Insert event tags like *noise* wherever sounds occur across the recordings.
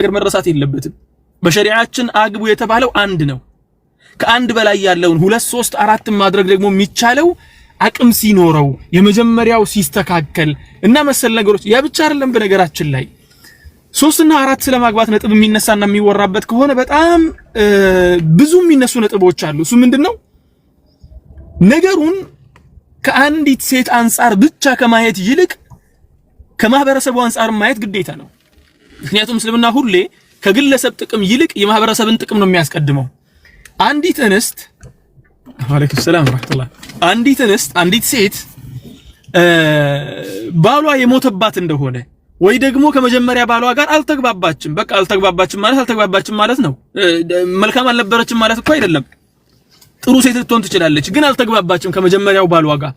ነገር መረሳት የለበትም። በሸሪዓችን አግቡ የተባለው አንድ ነው። ከአንድ በላይ ያለውን ሁለት ሶስት አራትን ማድረግ ደግሞ የሚቻለው አቅም ሲኖረው የመጀመሪያው ሲስተካከል እና መሰል ነገሮች ያ ብቻ አይደለም። በነገራችን ላይ ሶስትና አራት ስለማግባት ነጥብ የሚነሳና የሚወራበት ከሆነ በጣም ብዙ የሚነሱ ነጥቦች አሉ። እሱ ምንድነው ነገሩን ከአንዲት ሴት አንጻር ብቻ ከማየት ይልቅ ከማህበረሰቡ አንጻር ማየት ግዴታ ነው። ምክንያቱም እስልምና ሁሌ ከግለሰብ ጥቅም ይልቅ የማህበረሰብን ጥቅም ነው የሚያስቀድመው። አንዲት እንስት ወአለይኩም ሰላም ወራህመቱላህ አንዲት እንስት አንዲት ሴት ባሏ የሞተባት እንደሆነ ወይ ደግሞ ከመጀመሪያ ባሏ ጋር አልተግባባችም። በቃ አልተግባባችም ማለት አልተግባባችም ማለት ነው። መልካም አልነበረችም ማለት እኮ አይደለም። ጥሩ ሴት ልትሆን ትችላለች፣ ግን አልተግባባችም ከመጀመሪያው ባሏ ጋር።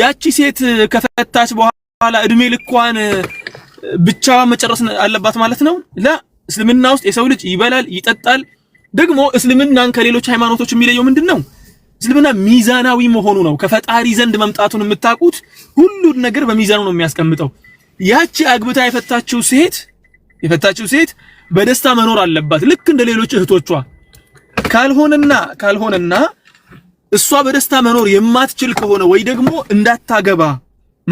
ያቺ ሴት ከፈታች በኋላ እድሜ ልኳን ብቻ መጨረስ አለባት ማለት ነው። ላ እስልምና ውስጥ የሰው ልጅ ይበላል፣ ይጠጣል። ደግሞ እስልምናን ከሌሎች ሃይማኖቶች የሚለየው ምንድን ነው? እስልምና ሚዛናዊ መሆኑ ነው። ከፈጣሪ ዘንድ መምጣቱን የምታውቁት ሁሉን ነገር በሚዛኑ ነው የሚያስቀምጠው። ያቺ አግብታ የፈታችው ሴት የፈታችው ሴት በደስታ መኖር አለባት ልክ እንደ ሌሎች እህቶቿ። ካልሆነና ካልሆነና እሷ በደስታ መኖር የማትችል ከሆነ ወይ ደግሞ እንዳታገባ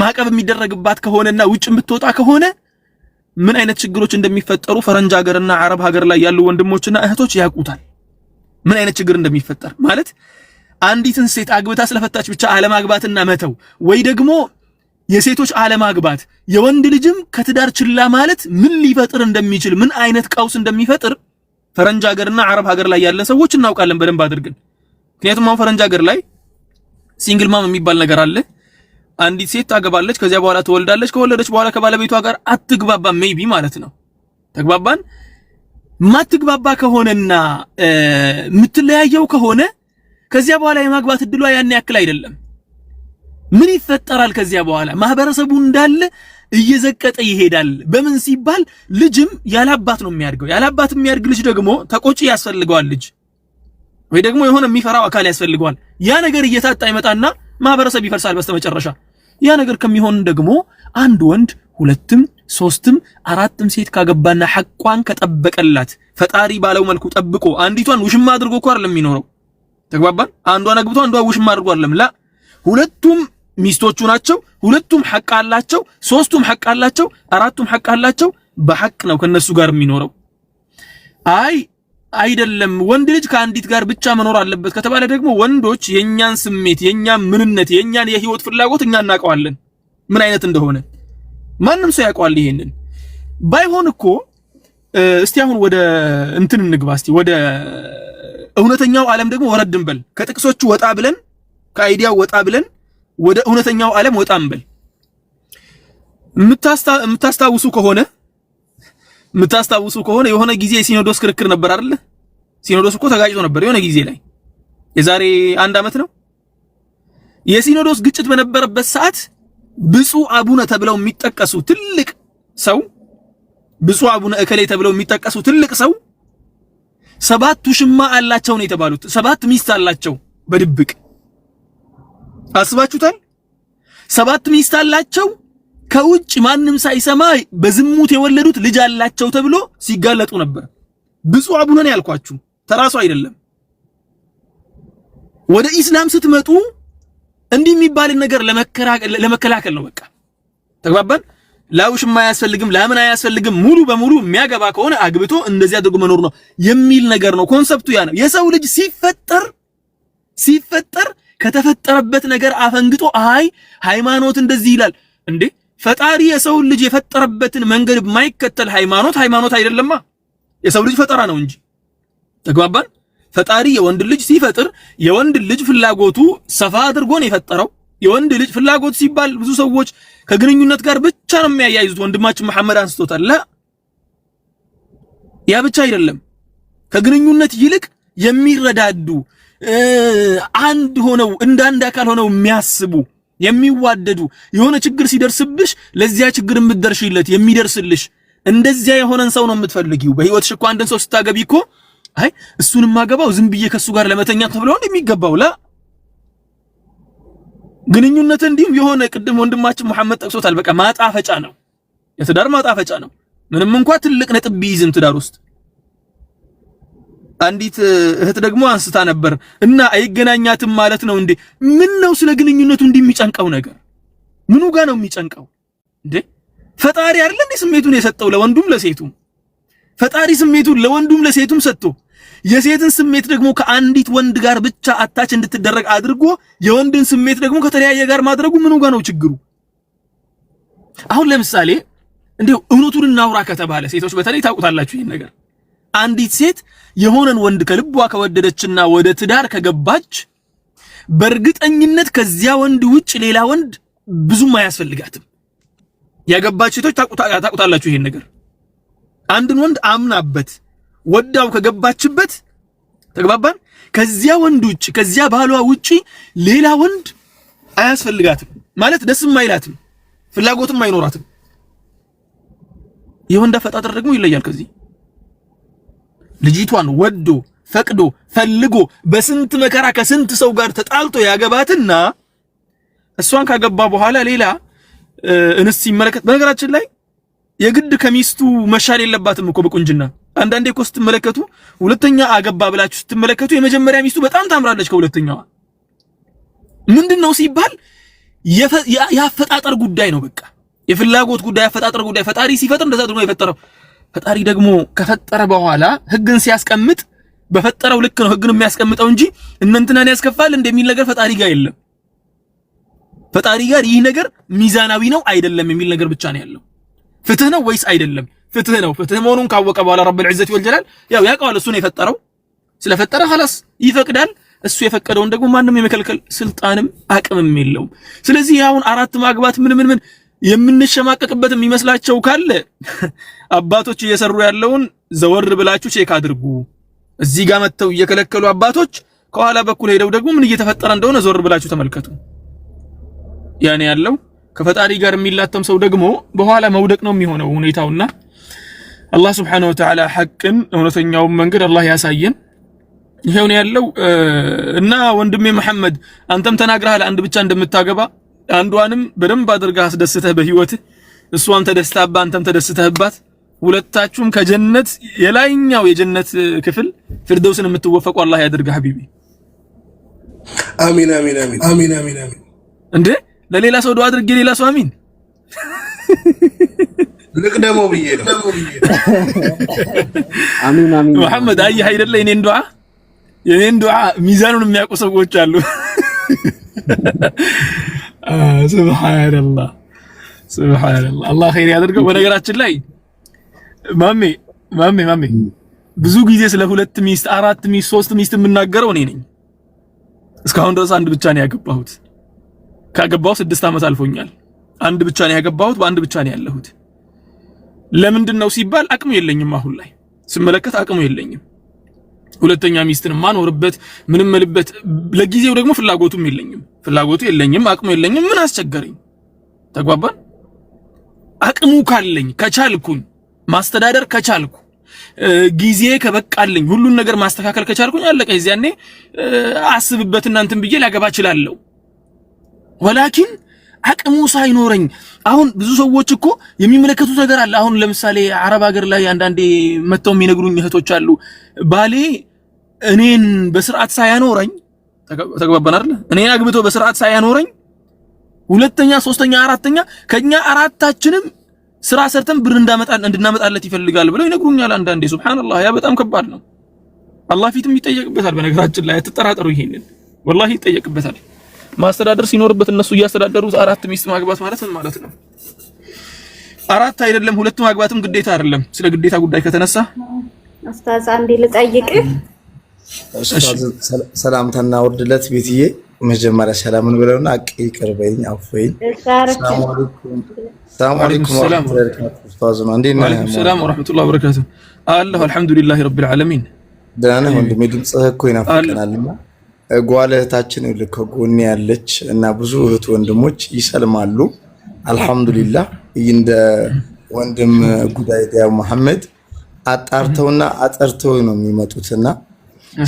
ማዕቀብ የሚደረግባት ከሆነና ውጭ የምትወጣ ከሆነ ምን አይነት ችግሮች እንደሚፈጠሩ ፈረንጅ ሀገርና አረብ ሀገር ላይ ያሉ ወንድሞችና እህቶች ያውቁታል። ምን አይነት ችግር እንደሚፈጠር ማለት አንዲትን ሴት አግብታ ስለፈታች ብቻ አለማግባትና መተው ወይ ደግሞ የሴቶች አለማግባት የወንድ ልጅም ከትዳር ችላ ማለት ምን ሊፈጥር እንደሚችል ምን አይነት ቀውስ እንደሚፈጥር ፈረንጅ ሀገርና አረብ ሀገር ላይ ያለን ሰዎች እናውቃለን በደንብ አድርገን። ምክንያቱም አሁን ፈረንጅ ሀገር ላይ ሲንግል ማም የሚባል ነገር አለ። አንዲት ሴት ታገባለች፣ ከዚያ በኋላ ትወልዳለች። ከወለደች በኋላ ከባለቤቷ ጋር አትግባባ ሜይቢ ማለት ነው። ተግባባን? ማትግባባ ከሆነና የምትለያየው ከሆነ ከዚያ በኋላ የማግባት እድሏ ያን ያክል አይደለም። ምን ይፈጠራል? ከዚያ በኋላ ማህበረሰቡ እንዳለ እየዘቀጠ ይሄዳል። በምን ሲባል ልጅም ያላባት ነው የሚያድገው። ያላባት የሚያድግ ልጅ ደግሞ ተቆጪ ያስፈልገዋል ልጅ ወይ ደግሞ የሆነ የሚፈራው አካል ያስፈልገዋል። ያ ነገር እየታጣ ይመጣና ማህበረሰብ ይፈርሳል በስተመጨረሻ። ያ ነገር ከሚሆን ደግሞ አንድ ወንድ ሁለትም ሶስትም አራትም ሴት ካገባና ሐቋን ከጠበቀላት ፈጣሪ ባለው መልኩ ጠብቆ አንዲቷን ውሽማ አድርጎ እኮ አይደለም የሚኖረው። ተግባባን? አንዷን አግብቶ አንዷ ውሽማ አድርጎ አይደለም ላ ሁለቱም ሚስቶቹ ናቸው። ሁለቱም ሐቅ አላቸው። ሶስቱም ሐቅ አላቸው። አራቱም ሐቅ አላቸው። በሐቅ ነው ከነሱ ጋር የሚኖረው። አይ አይደለም። ወንድ ልጅ ከአንዲት ጋር ብቻ መኖር አለበት ከተባለ ደግሞ ወንዶች የእኛን ስሜት፣ የእኛን ምንነት፣ የእኛን የህይወት ፍላጎት እኛ እናውቀዋለን ምን አይነት እንደሆነ ማንም ሰው ያውቀዋል። ይሄንን ባይሆን እኮ እስቲ አሁን ወደ እንትን እንግባ። እስቲ ወደ እውነተኛው ዓለም ደግሞ ወረድ እንበል። ከጥቅሶቹ ወጣ ብለን ከአይዲያው ወጣ ብለን ወደ እውነተኛው ዓለም ወጣ እንበል። የምታስታውሱ ከሆነ የምታስታውሱ ከሆነ የሆነ ጊዜ የሲኖዶስ ክርክር ነበር አይደል? ሲኖዶስ እኮ ተጋጭቶ ነበር የሆነ ጊዜ ላይ የዛሬ አንድ ዓመት ነው። የሲኖዶስ ግጭት በነበረበት ሰዓት ብፁዕ አቡነ ተብለው የሚጠቀሱ ትልቅ ሰው ብፁዕ አቡነ እከሌ ተብለው የሚጠቀሱ ትልቅ ሰው ሰባት ውሽማ አላቸው ነው የተባሉት። ሰባት ሚስት አላቸው በድብቅ አስባችሁታል? ሰባት ሚስት አላቸው ከውጭ ማንም ሳይሰማ በዝሙት የወለዱት ልጅ አላቸው ተብሎ ሲጋለጡ ነበር። ብፁዕ አቡነ ነው ያልኳችሁ፣ ተራሱ አይደለም። ወደ ኢስላም ስትመጡ እንዲህ የሚባልን ነገር ለመከላከል ነው። በቃ ተግባባን። ላውሽማ አያስፈልግም፣ ላምን አያስፈልግም። ሙሉ በሙሉ የሚያገባ ከሆነ አግብቶ እንደዚህ አድርጎ መኖር ነው የሚል ነገር ነው። ኮንሰፕቱ ያ ነው። የሰው ልጅ ሲፈጠር ሲፈጠር ከተፈጠረበት ነገር አፈንግጦ አይ ሃይማኖት እንደዚህ ይላል እንዴ ፈጣሪ የሰውን ልጅ የፈጠረበትን መንገድ የማይከተል ሃይማኖት ሃይማኖት አይደለማ። የሰው ልጅ ፈጠራ ነው እንጂ ተግባባን። ፈጣሪ የወንድ ልጅ ሲፈጥር የወንድ ልጅ ፍላጎቱ ሰፋ አድርጎ ነው የፈጠረው። የወንድ ልጅ ፍላጎት ሲባል ብዙ ሰዎች ከግንኙነት ጋር ብቻ ነው የሚያያይዙት። ወንድማችን መሐመድ አንስቶታል። ያ ብቻ አይደለም። ከግንኙነት ይልቅ የሚረዳዱ አንድ ሆነው እንደ አንድ አካል ሆነው የሚያስቡ የሚዋደዱ የሆነ ችግር ሲደርስብሽ ለዚያ ችግር የምትደርሽለት የሚደርስልሽ እንደዚያ የሆነን ሰው ነው የምትፈልጊው። በህይወትሽ እኮ አንድን ሰው ስታገቢ እኮ አይ እሱን ማገባው ዝም ብዬ ከሱ ጋር ለመተኛ ተብሎ እንደሚገባው ላ ግንኙነት እንዲሁም የሆነ ቅድም ወንድማችን መሐመድ ጠቅሶታል። በቃ ማጣፈጫ ነው፣ የትዳር ማጣፈጫ ነው። ምንም እንኳ ትልቅ ነጥብ ቢይዝም ትዳር ውስጥ አንዲት እህት ደግሞ አንስታ ነበር እና አይገናኛትም ማለት ነው እንዴ? ምን ነው ስለ ግንኙነቱ እንዲህ የሚጨንቀው ነገር ምኑ ጋር ነው የሚጨንቀው እንዴ? ፈጣሪ አይደል እንዴ ስሜቱን የሰጠው ለወንዱም ለሴቱም? ፈጣሪ ስሜቱን ለወንዱም ለሴቱም ሰጥቶ የሴትን ስሜት ደግሞ ከአንዲት ወንድ ጋር ብቻ አታች እንድትደረግ አድርጎ የወንድን ስሜት ደግሞ ከተለያየ ጋር ማድረጉ ምኑ ጋር ነው ችግሩ? አሁን ለምሳሌ እንዲሁ እውነቱን እናውራ ከተባለ ሴቶች በተለይ ታውቁታላችሁ ይህን ነገር አንዲት ሴት የሆነን ወንድ ከልቧ ከወደደችና ወደ ትዳር ከገባች በእርግጠኝነት ከዚያ ወንድ ውጭ ሌላ ወንድ ብዙም አያስፈልጋትም። ያገባች ሴቶች ታቁታላችሁ ይሄን ነገር። አንድን ወንድ አምናበት ወዳው ከገባችበት ተግባባን፣ ከዚያ ወንድ ውጭ ከዚያ ባሏ ውጭ ሌላ ወንድ አያስፈልጋትም ማለት ደስም አይላትም፣ ፍላጎትም አይኖራትም። የወንድ አፈጣጠር ደግሞ ይለያል ከዚህ ልጅቷን ወዶ ፈቅዶ ፈልጎ በስንት መከራ ከስንት ሰው ጋር ተጣልቶ ያገባትና እሷን ካገባ በኋላ ሌላ እንስት ሲመለከት፣ በነገራችን ላይ የግድ ከሚስቱ መሻል የለባትም እኮ በቁንጅና አንዳንዴ እኮ ስትመለከቱ ሁለተኛ አገባ ብላችሁ ስትመለከቱ የመጀመሪያ ሚስቱ በጣም ታምራለች ከሁለተኛዋ። ምንድነው ሲባል የአፈጣጠር ጉዳይ ነው። በቃ የፍላጎት ጉዳይ፣ አፈጣጠር ጉዳይ። ፈጣሪ ሲፈጥር እንደዛ አድርጎ የፈጠረው። ፈጣሪ ደግሞ ከፈጠረ በኋላ ህግን ሲያስቀምጥ በፈጠረው ልክ ነው ህግን የሚያስቀምጠው እንጂ እነንትናን ያስከፋል እንደሚል ነገር ፈጣሪ ጋር የለም። ፈጣሪ ጋር ይህ ነገር ሚዛናዊ ነው አይደለም የሚል ነገር ብቻ ነው ያለው። ፍትህ ነው ወይስ አይደለም? ፍትህ ነው። ፍትህ መሆኑን ካወቀ በኋላ ረብ ዒዘት ወልጀላል ያው ያውቀዋል። እሱ ነው የፈጠረው። ስለፈጠረ ኸላስ ይፈቅዳል። እሱ የፈቀደውን ደግሞ ማንም የመከልከል ስልጣንም አቅምም የለውም። ስለዚህ አሁን አራት ማግባት ምን ምን ምን የምንሸማቀቅበት የሚመስላቸው ካለ *laughs* አባቶች እየሰሩ ያለውን ዘወር ብላችሁ ቼክ አድርጉ። እዚህ ጋር መጥተው እየከለከሉ አባቶች ከኋላ በኩል ሄደው ደግሞ ምን እየተፈጠረ እንደሆነ ዘወር ብላችሁ ተመልከቱ። ያኔ ያለው ከፈጣሪ ጋር የሚላተም ሰው ደግሞ በኋላ መውደቅ ነው የሚሆነው ሁኔታውና አላህ ስብሐነሁ ወተዓላ ሐቅን እውነተኛውን መንገድ አላህ ያሳየን። ይሄው ነው ያለው እና ወንድሜ መሐመድ አንተም ተናግረሃል አንድ ብቻ እንደምታገባ አንዷንም በደንብ አድርገህ አስደስተህ በህይወት እሷን ተደስታባ አንተም ተደስተህባት ሁለታችሁም ከጀነት የላይኛው የጀነት ክፍል ፍርደውስን የምትወፈቁ አላህ ያድርግህ ሀቢቢ። አሚን አሚን አሚን አሚን አሚን አሚን። እንዴ ለሌላ ሰው ዱአ አድርግ፣ ሌላ ሰው አሚን ልቅደመው ብዬ ነው። አሚን አሚን። መሐመድ አየህ አይደለ የኔን ዱአ የኔን ዱአ ሚዛኑን የሚያውቁ ሰዎች አሉ። ስብሓንላ ስብሓንላ አላህ ኸይር ያደርገው። በነገራችን ላይ ማሜ ማሜ ማሜ ብዙ ጊዜ ስለ ሁለት ሚስት፣ አራት ሚስት፣ ሶስት ሚስት የምናገረው እኔ ነኝ። እስካሁን ድረስ አንድ ብቻ ነው ያገባሁት። ካገባሁ ስድስት ዓመት አልፎኛል። አንድ ብቻ ነው ያገባሁት። በአንድ ብቻ ነው ያለሁት። ለምንድን ነው ሲባል አቅሙ የለኝም። አሁን ላይ ስመለከት አቅሙ የለኝም። ሁለተኛ ሚስትን ማኖርበት ምንም ልበት ለጊዜው ደግሞ ፍላጎቱም የለኝም ፍላጎቱ የለኝም አቅሙ የለኝም ምን አስቸገረኝ ተግባባን አቅሙ ካለኝ ከቻልኩኝ ማስተዳደር ከቻልኩ ጊዜ ከበቃልኝ ሁሉን ነገር ማስተካከል ከቻልኩኝ አለቀ እዚያኔ አስብበት እናንተን ብዬ ላገባ እችላለሁ ወላኪን አቅሙ ሳይኖረኝ አሁን ብዙ ሰዎች እኮ የሚመለከቱት ነገር አለ አሁን ለምሳሌ አረብ ሀገር ላይ አንዳንዴ መጥተው የሚነግሩኝ እህቶች አሉ ባሌ እኔን በስርዓት ሳያኖረኝ ተግባባን አይደል? እኔን አግብቶ በስርዓት ሳያኖረኝ ሁለተኛ፣ ሶስተኛ፣ አራተኛ ከኛ አራታችንም ስራ ሰርተን ብር እንዳመጣ እንድናመጣለት ይፈልጋል ብለው ይነግሩኛል። አንዳንዴ ሱብሃንአላህ፣ ያ በጣም ከባድ ነው። አላህ ፊትም ይጠየቅበታል። በነገራችን ላይ አትጠራጠሩ፣ ይሄንን ወላሂ ይጠየቅበታል። ማስተዳደር ሲኖርበት እነሱ እያስተዳደሩት አራት ሚስት ማግባት ማለት ምን ማለት ነው? አራት አይደለም ሁለት ማግባትም ግዴታ አይደለም። ስለ ግዴታ ጉዳይ ከተነሳ ኡስታዝ አንዴ ልጠይቅህ ሰላምታና ወርድለት ቤትዬ መጀመሪያ ሰላምን ብለውና አቅ ይቅርበኝ አፎይኝ ሰላም አለይኩም ወረሕመቱላሂ ወበረካቱ። አለሁ አልሐምዱሊላሂ ረቢል ዓለሚን። ደህና ነህ ወንድሜ? ድምፅህ እኮ ይናፍቀናልና ጓል እህታችን ከጎኔ ያለች እና ብዙ እህት ወንድሞች ይሰልማሉ። አልሐምዱሊላህ እንደ ወንድም ጉዳይ ዳያው መሐመድ አጣርተውና አጠርተው ነው የሚመጡትና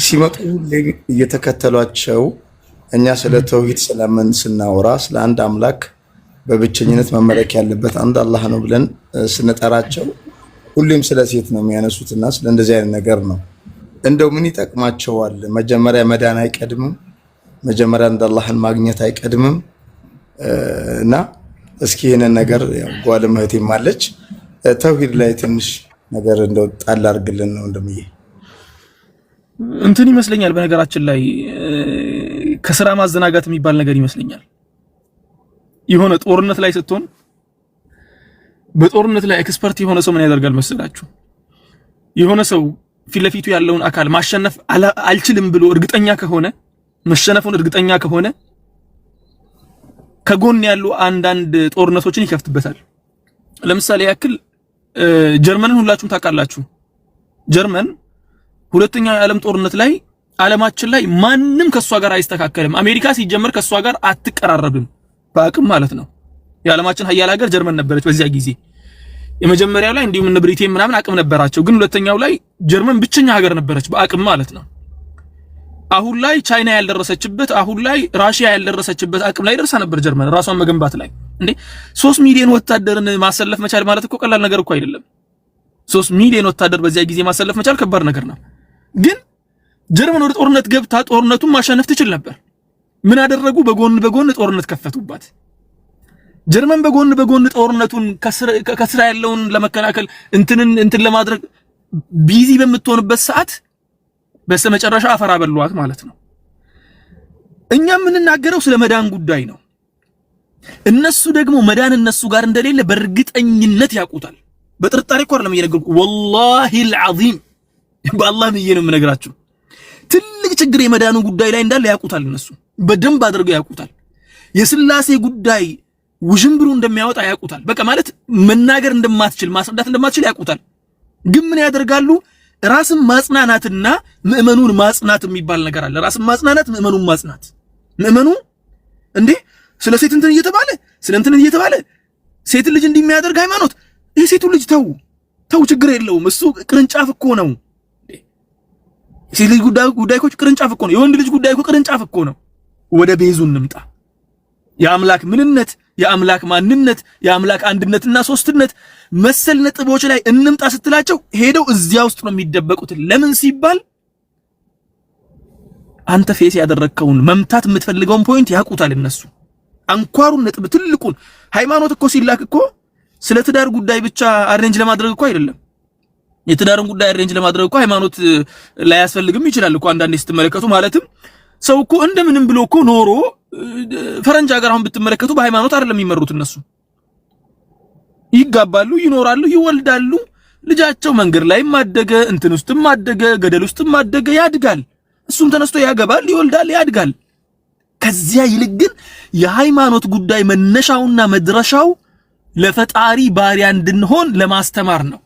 ሲመጡ ሁሌ እየተከተሏቸው እኛ ስለ ተውሂድ ስለምን ስናወራ ስለ አንድ አምላክ በብቸኝነት መመለክ ያለበት አንድ አላህ ነው ብለን ስንጠራቸው ሁሌም ስለ ሴት ነው የሚያነሱትና ስለ እንደዚህ አይነት ነገር ነው። እንደው ምን ይጠቅማቸዋል? መጀመሪያ መዳን አይቀድምም? መጀመሪያ እንደ አላህን ማግኘት አይቀድምም? እና እስኪ ይህንን ነገር ጓደኛዬ እህቴም አለች ተውሂድ ላይ ትንሽ ነገር እንደው ጣል አድርግልን ነው እንደምዬ እንትን ይመስለኛል። በነገራችን ላይ ከስራ ማዘናጋት የሚባል ነገር ይመስለኛል። የሆነ ጦርነት ላይ ስትሆን በጦርነት ላይ ኤክስፐርት የሆነ ሰው ምን ያደርጋል መሰላችሁ? የሆነ ሰው ፊት ለፊቱ ያለውን አካል ማሸነፍ አልችልም ብሎ እርግጠኛ ከሆነ መሸነፉን እርግጠኛ ከሆነ ከጎን ያሉ አንዳንድ ጦርነቶችን ይከፍትበታል። ለምሳሌ ያክል ጀርመንን ሁላችሁም ታውቃላችሁ። ጀርመን ሁለተኛው የዓለም ጦርነት ላይ ዓለማችን ላይ ማንም ከሷ ጋር አይስተካከልም። አሜሪካ ሲጀመር ከሷ ጋር አትቀራረብም በአቅም ማለት ነው። የዓለማችን ሀያል ሀገር ጀርመን ነበረች በዚያ ጊዜ የመጀመሪያው ላይ እንዲሁም እነ ብሪቴን ምናምን አቅም ነበራቸው፣ ግን ሁለተኛው ላይ ጀርመን ብቸኛ ሀገር ነበረች በአቅም ማለት ነው። አሁን ላይ ቻይና ያልደረሰችበት፣ አሁን ላይ ራሽያ ያልደረሰችበት አቅም ላይ ደርሳ ነበር ጀርመን ራሷን መገንባት ላይ። እንዴ ሶስት ሚሊዮን ወታደርን ማሰለፍ መቻል ማለት እኮ ቀላል ነገር እኮ አይደለም። ሶስት ሚሊዮን ወታደር በዚያ ጊዜ ማሰለፍ መቻል ከባድ ነገር ነው። ግን ጀርመን ወደ ጦርነት ገብታ ጦርነቱን ማሸነፍ ትችል ነበር። ምን አደረጉ? በጎን በጎን ጦርነት ከፈቱባት። ጀርመን በጎን በጎን ጦርነቱን ከስራ ያለውን ለመከላከል እንትንን እንትን ለማድረግ ቢዚ በምትሆንበት ሰዓት በስተመጨረሻ አፈራ በሏት ማለት ነው። እኛ የምንናገረው ስለ መዳን ጉዳይ ነው። እነሱ ደግሞ መዳን እነሱ ጋር እንደሌለ በእርግጠኝነት ያውቁታል። በጥርጣሬ እኮ አይደለም እየነገርኩህ ወላሂ አልዓዚም በአላህ ብዬ ነው የምነግራችሁ። ትልቅ ችግር የመዳኑ ጉዳይ ላይ እንዳለ ያውቁታል። እነሱ በደንብ አድርገው ያውቁታል። የስላሴ ጉዳይ ውዥንብሩ እንደሚያወጣ ያውቁታል። በቃ ማለት መናገር እንደማትችል ማስረዳት እንደማትችል ያውቁታል። ግን ምን ያደርጋሉ? ራስን ማጽናናትና ምዕመኑን ማጽናት የሚባል ነገር አለ። ራስን ማጽናናት፣ ምዕመኑን ማጽናት። ምዕመኑ እንዴ ስለ ሴት እንትን እየተባለ ስለ እንትን እየተባለ ሴትን ልጅ እንደሚያደርግ ሃይማኖት፣ ይህ ልጅ ተው ተው፣ ችግር የለውም እሱ ቅርንጫፍ እኮ ነው የሴት ልጅ ጉዳይ ጉዳይ እኮ ቅርንጫፍ እኮ ነው። የወንድ ልጅ ጉዳይ እኮ ቅርንጫፍ እኮ ነው። ወደ ቤዙ እንምጣ። የአምላክ ምንነት፣ የአምላክ ማንነት፣ የአምላክ አንድነትና ሶስትነት መሰል ነጥቦች ላይ እንምጣ ስትላቸው ሄደው እዚያ ውስጥ ነው የሚደበቁት። ለምን ሲባል አንተ ፌስ ያደረግከውን መምታት የምትፈልገውን ፖይንት ያውቁታል እነሱ። አንኳሩን ነጥብ ትልቁን ሃይማኖት እኮ ሲላክ እኮ ስለ ትዳር ጉዳይ ብቻ አሬንጅ ለማድረግ እኮ አይደለም የትዳርን ጉዳይ አሬንጅ ለማድረግ እኮ ሃይማኖት ላያስፈልግም ይችላል እኮ አንዳንዴ ስትመለከቱ። ማለትም ሰው እኮ እንደምንም ብሎ እኮ ኖሮ ፈረንጅ ሀገር አሁን ብትመለከቱ በሃይማኖት አይደለም የሚመሩት እነሱ። ይጋባሉ፣ ይኖራሉ፣ ይወልዳሉ። ልጃቸው መንገድ ላይ ማደገ፣ እንትን ውስጥ ማደገ ገደል ውስጥ ማደገ ያድጋል። እሱም ተነስቶ ያገባል፣ ይወልዳል፣ ያድጋል። ከዚያ ይልቅ ግን የሃይማኖት ጉዳይ መነሻውና መድረሻው ለፈጣሪ ባሪያ እንድንሆን ለማስተማር ነው።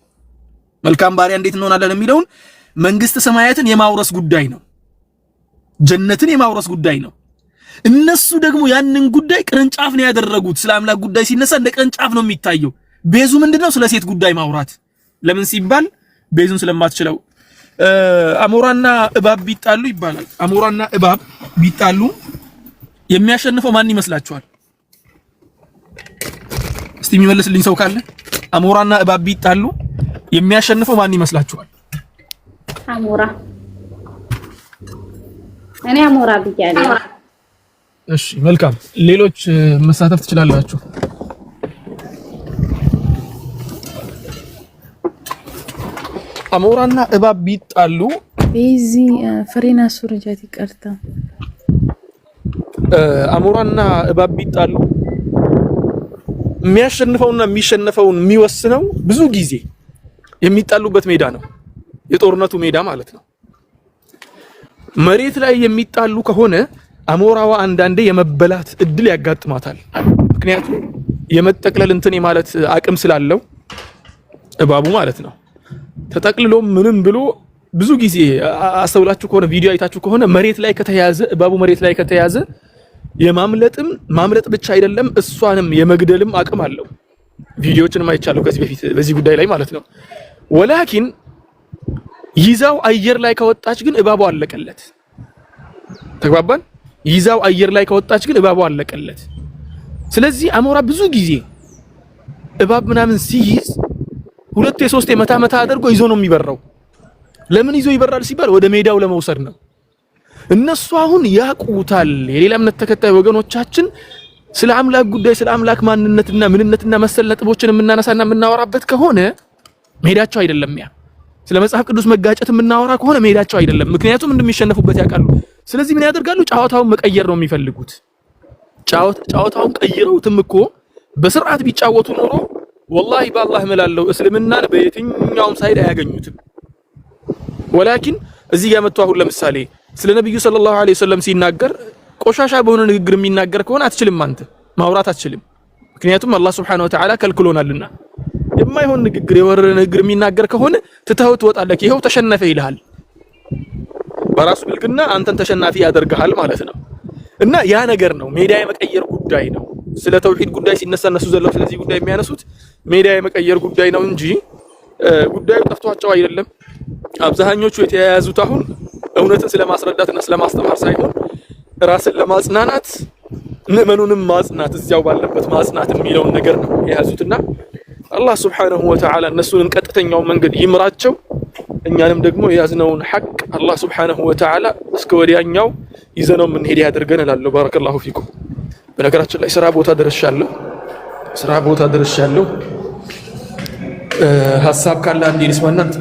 መልካም ባሪያ እንዴት እንሆናለን የሚለውን መንግስተ ሰማያትን የማውረስ ጉዳይ ነው። ጀነትን የማውረስ ጉዳይ ነው። እነሱ ደግሞ ያንን ጉዳይ ቅርንጫፍ ነው ያደረጉት። ስለ አምላክ ጉዳይ ሲነሳ እንደ ቅርንጫፍ ነው የሚታየው። ቤዙ ምንድነው? ስለ ሴት ጉዳይ ማውራት። ለምን ሲባል ቤዙን ስለማትችለው። አሞራና እባብ ቢጣሉ ይባላል። አሞራና እባብ ቢጣሉ የሚያሸንፈው ማን ይመስላችኋል? እስቲ የሚመልስልኝ ሰው ካለ አሞራና እባብ ቢጣሉ የሚያሸንፈው ማን ይመስላችኋል? አሞራ። እኔ አሞራ ብያለሁ። እሺ መልካም። ሌሎች መሳተፍ ትችላላችሁ። አሞራና እባብ ቢጣሉ ቤዚ ፍሬና ሱርጃት ይቀርታ። አሞራና እባብ ቢጣሉ የሚያሸንፈውና የሚሸነፈውን የሚወስነው ብዙ ጊዜ የሚጣሉበት ሜዳ ነው፣ የጦርነቱ ሜዳ ማለት ነው። መሬት ላይ የሚጣሉ ከሆነ አሞራዋ አንዳንዴ የመበላት እድል ያጋጥማታል። ምክንያቱም የመጠቅለል እንትን የማለት አቅም ስላለው እባቡ ማለት ነው። ተጠቅልሎ ምንም ብሎ ብዙ ጊዜ አስተውላችሁ ከሆነ ቪዲዮ አይታችሁ ከሆነ መሬት ላይ ከተያዘ እባቡ መሬት ላይ ከተያዘ የማምለጥም ማምለጥ ብቻ አይደለም እሷንም የመግደልም አቅም አለው። ቪዲዮዎችንም አይቻለሁ ከዚህ በፊት በዚህ ጉዳይ ላይ ማለት ነው። ወላኪን ይዛው አየር ላይ ከወጣች ግን እባቡ አለቀለት። ተግባባን? ይዛው አየር ላይ ከወጣች ግን እባቡ አለቀለት። ስለዚህ አሞራ ብዙ ጊዜ እባብ ምናምን ሲይዝ ሁለት የሶስት የመታ መታ አድርጎ ይዞ ነው የሚበራው። ለምን ይዞ ይበራል ሲባል ወደ ሜዳው ለመውሰድ ነው። እነሱ አሁን ያቁታል። የሌላ እምነት ተከታይ ወገኖቻችን ስለ አምላክ ጉዳይ ስለ አምላክ ማንነትና ምንነትና መሰል ነጥቦችን የምናነሳና የምናወራበት ከሆነ መሄዳቸው አይደለም። ያ ስለ መጽሐፍ ቅዱስ መጋጨት የምናወራ ከሆነ መሄዳቸው አይደለም። ምክንያቱም እንደሚሸነፉበት ያውቃሉ። ስለዚህ ምን ያደርጋሉ? ጨዋታውን መቀየር ነው የሚፈልጉት። ጨዋታውን ቀይረውትም እኮ በስርዓት ቢጫወቱ ኖሮ ወላሂ በአላህ እምላለሁ እስልምናን በየትኛውም ሳይድ አያገኙትም። ወላኪን እዚህ ጋር መጥቶ አሁን ለምሳሌ ስለ ነቢዩ ሰለላሁ ዐለይሂ ወሰለም ሲናገር ቆሻሻ በሆነ ንግግር የሚናገር ከሆነ አትችልም፣ አንተ ማውራት አትችልም። ምክንያቱም አላህ ሱብሓነሁ ወተዓላ ከልክሎናልና የማይሆን ንግግር የወረረ ንግግር የሚናገር ከሆነ ትተኸው ትወጣለህ። ይኸው ተሸነፈ ይልሃል። በራሱ ብልግና አንተን ተሸናፊ ያደርግሃል ማለት ነው። እና ያ ነገር ነው ሜዳ የመቀየር ጉዳይ ነው። ስለ ተውሂድ ጉዳይ ሲነሳ እነሱ ዘለው ስለዚህ ጉዳይ የሚያነሱት ሜዳ የመቀየር ጉዳይ ነው እንጂ ጉዳዩ ጠፍቷቸው አይደለም። አብዛኞቹ የተያያዙት አሁን እውነትን ስለማስረዳትና ስለማስተማር ሳይሆን ራስን ለማጽናናት ምዕመኑንም ማጽናት እዚያው ባለበት ማጽናት የሚለውን ነገር ነው የያዙትና አላህ ስብሓነሁ ወተዓላ እነሱንም ቀጥተኛውን መንገድ ይምራቸው፣ እኛንም ደግሞ የያዝነውን ሐቅ አላህ ስብሓነሁ ወተዓላ እስከ ወዲያኛው ይዘነው የምንሄድ ያድርገን እላለሁ። ባረከላሁ ፊኩም። በነገራችን ላይ ስራ ቦታ ደርሻለሁ፣ ስራ ቦታ ደርሻለሁ። ሀሳብ ካለ አንድ ይልስማናት